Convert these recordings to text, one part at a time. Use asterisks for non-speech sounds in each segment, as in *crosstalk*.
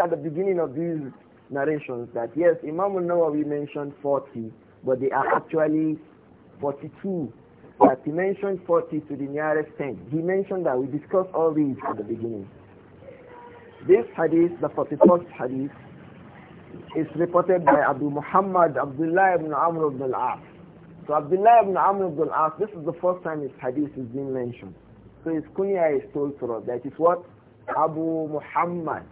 at the beginning of these narrations that yes, Imam al-Nawawi mentioned 40, but they are actually 42. That he mentioned 40 to the nearest 10. He mentioned that we discussed all these at the beginning. This hadith, the 41st hadith, is reported by Abu Muhammad Abdullah ibn Amr ibn al-As. So Abdullah ibn Amr ibn al-As, this is the first time his hadith is being mentioned. So his kunya is told to us that is what? Abu Muhammad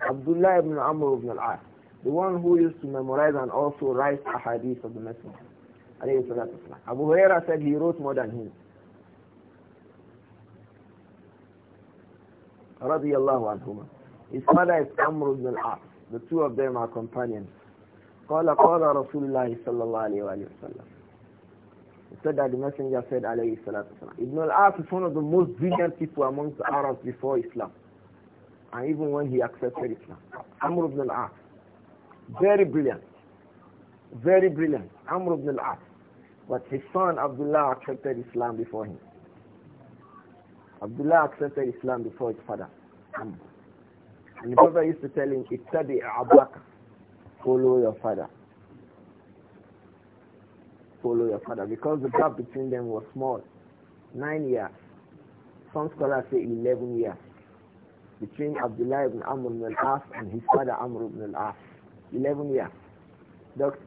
Abdullah ibn Amr ibn al-As, the one who used to memorize and also write a hadith of the Messenger. Abu Huraira said he wrote more than him. Radiallahu anhuma. His father is Amr ibn al-As. The two of them are companions. قال قال رسول الله صلى الله عليه وآله وسلم He said that the messenger said عليه الصلاة والسلام Ibn al-As is one of the most brilliant people amongst the Arabs before Islam and even when he accepted Islam. Amr ibn al-As. Very brilliant. Very brilliant. Amr ibn al-As. But his son Abdullah accepted Islam before him. Abdullah accepted Islam before his father. Amr. And the Prophet used to tell him, Ittabi abaka. Follow your father. Follow your father. Because the gap between them was small. Nine years. Some scholars say 11 years between Abdullah ibn Amr ibn al-As and his father Amr ibn al-As. 11 years. Doctor.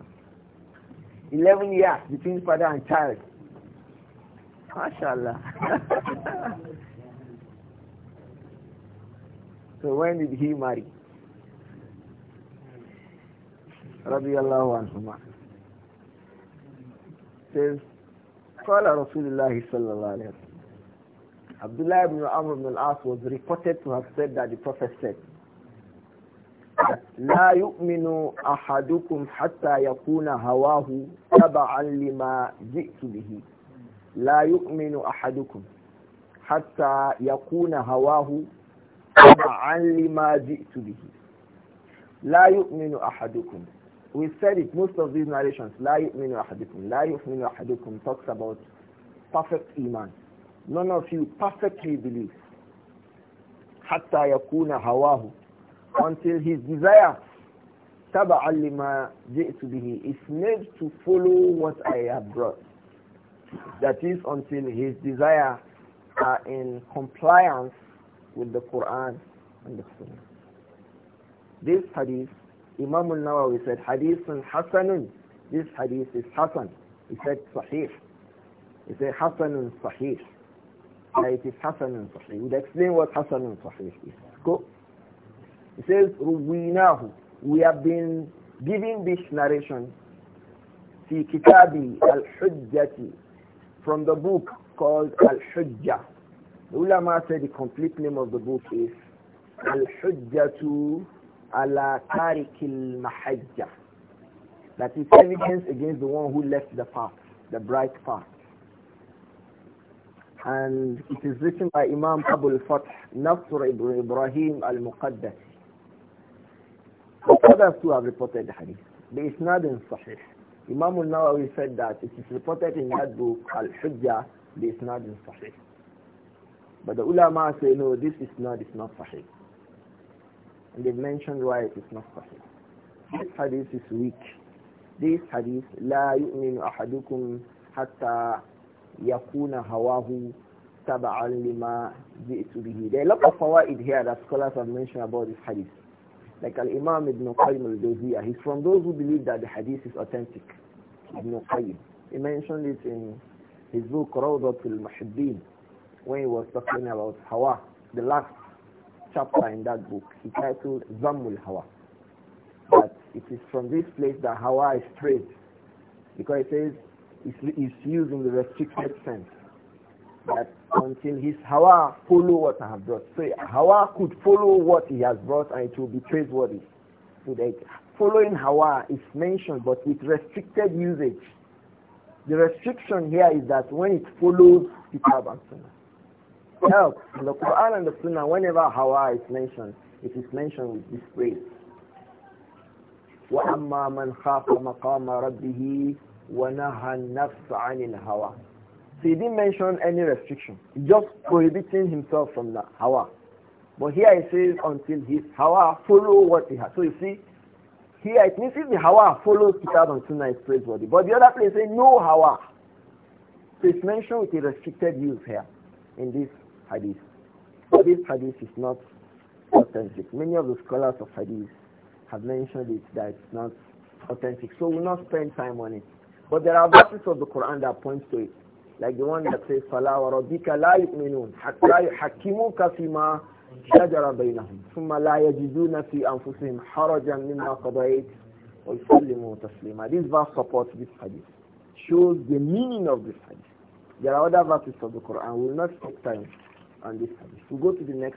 11 years between father and child. MashaAllah. *laughs* so when did he marry? Radiallahu anhumah. Says, قال رسول الله صلى الله عليه وسلم Abdullah ibn Amr ibn al-As was reported to have said that the Prophet said, لا يؤمن أحدكم حتى يكون هواه تبعا لما جئت به لا يؤمن أحدكم حتى يكون هواه تبعا لما جئت به لا يؤمن أحدكم we said it most of these narrations لا يؤمن أحدكم لا يؤمن أحدكم talks about perfect iman None of you perfectly believe. حَتَّى يَكُونَ هَوَاهُ Until his desire تَبَعًا لِمَا جِئْتُ بِهِ is made to follow what I have brought. That is until his desire are in compliance with the Quran and the Sunnah. This hadith, Imam al-Nawawi said, Hadithun Hasanun. This hadith is Hasan. He said Sahih. He said Hasanun Sahih. It is it is Hassanun Sahih. We would explain what Hassanun Sahih is. Go. It says, Ruwinahu. We have been giving this narration Kitabi al الحجة from the book called Al-Hujjah. The ulama said the complete name of the book is Al-Hujjatu ala tarikil mahajjah. That is evidence against the one who left the path, the bright path and it is written by Imam Abu al-Fath Nasr ibn Ibrahim al-Muqaddas. Others who have reported the hadith. The isnad in Sahih. Imam al-Nawawi said that it is reported in that book Al-Hujjah, the isnad in Sahih. But the ulama say no, this is not, it's not Sahih. And they mentioned why it is not Sahih. This hadith is weak. This hadith, لا يؤمن أحدكم حتى yakuna hawahu taba'an lima ji'tu bihi. There are a lot of fawaid here that scholars have mentioned about this hadith. Like Al-Imam Ibn Qayyim al-Jawziyah, he's from those who believe that the hadith is authentic. Ibn Qayyim. He mentioned it in his book Rawdat al-Muhibbin when he was talking about Hawa, the last chapter in that book. He titled Zammul Hawa. But it is from this place that Hawa is traced, Because it says, is, is used in the restricted sense. That until his hawa follow what I have brought. So hawa could follow what he has brought and it will be praiseworthy. So that following hawa is mentioned but with restricted usage. The restriction here is that when it follows Kitab and Sunnah. Now, in the Quran and the Sunnah, whenever hawa is mentioned, it is mentioned with this phrase. وَأَمَّا مَنْ خَافَ مَقَامَ رَبِّهِ وَنَهَى النَّفْسَ عَنِ الْهَوَى So he didn't mention any restriction, just prohibiting himself from the hawa. But here he says until his hawa follow what he has. So you see, here it means if the hawa follows Kitab and Sunnah is praiseworthy. But the other place says no hawa. So it's mentioned with a restricted use here in this hadith. But this hadith is not authentic. Many of the scholars of hadith have mentioned it that it's not authentic. So we'll not spend time on it. But there are verses of the Quran that point to it. Like the one that says, فَلَا وَرَبِّكَ لَا يُؤْمِنُونَ حَتَّى يُحَكِّمُوكَ فِي مَا شَجَرَ بَيْنَهُمْ ثُمَّ لَا يَجِدُونَ فِي أَنفُسِهِمْ حَرَجًا مِمَّا قَضَيْتَ وَيُسَلِّمُوا تَسْلِيمًا This verse supports this hadith. Shows the meaning of this hadith. There are other verses of the Quran. We will not take time on this hadith. we will go to the next